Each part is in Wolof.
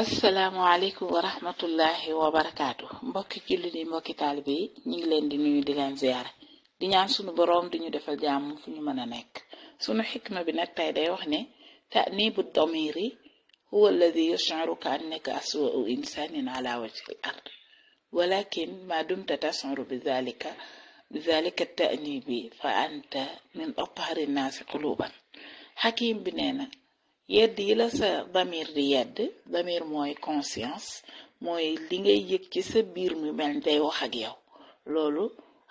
asalaamaaleykum wa rahmatullahi wa barakaatu mbokki jullit yi mbokki taalibe yi ñu ngi leen di nuyu di leen ziyaare di ñaan sunu boroom di ñu defal jàmm fu ñu mën a nekk sunu xikma bi nag tey wax ne tanibu domiri huwa alladi yushiruka annaka aswau insanin ala wajhi l ard walakin ma dumta tashuru bi zalika bi zalika tanibi fa anta min athari nnaasi xakim bi nee yedd yi la sa damir di yedd damir mooy conscience mooy li ngay yëg ci sa biir mu mel ni day wax ak yow loolu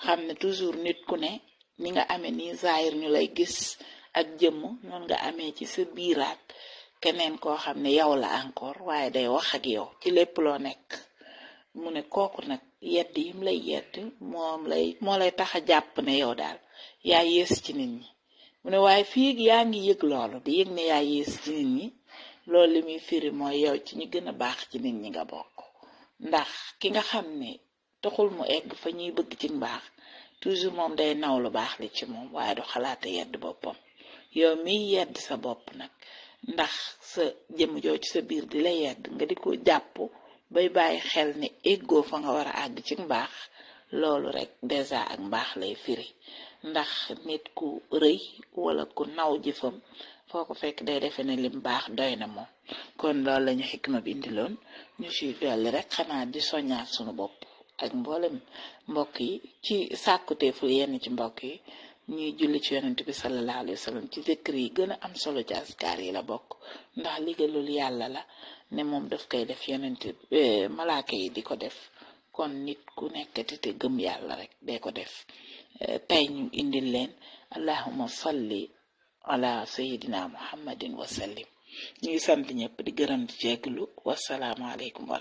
xam ne toujours nit ku ne ni nga amee ni zaayir ñu lay gis ak jëmm noon nga amee ci sa biiraat keneen koo xam ne yow la encore waaye day wax ak yow ci lépp loo nekk mu ne kooku nag yedd yim lay yedd moom lay moo lay tax a jàpp ne yow daal yaa yées ci nit ñi mu ne waaye fii yaa ngi yëg loolu di yëg ne yaa yées ci nit ñi loolu li muy firi mooy yow ci ñu gën a baax ci nit ñi nga bokk ndax ki nga xam ne taxul mu egg fa ñuy bëgg ci mbaax toujours moom day naw lu baax li ci moom waaye du xalaata yedd boppam yow miy yedd sa bopp nag ndax sa jëm joo ci sa biir di la yedd nga di ko jàppu bay bàyyi xel ne eggoo fa nga war a àgg ci mbaax loolu rek dèjà ak mbaax lay firi ndax nit ku rëy wala ku naw jëfam foo ko fekk day defe ne lim baax doy na moom kon loolu lañu xikma bindi loon ñu ci dolli rek xanaa di soññaat suñu bopp ak mboolem mbokk yi ci fu yenn ci mbokk yi ñuy julli ci yonent bi sallallahu alayhi wa ci zikr yi gën a am solo ci askar yi la bokk ndax loolu yàlla la ne moom daf koy def yonent eh, malaaka yi di ko def kon nit ku nekkati te gëm yàlla rek dee ko def eh, tey ñu indi leen allahuma salli ala sayidina muhammadin ñu ngi sant ñëpp di gërëm di jéglu wasalaamualeykum wa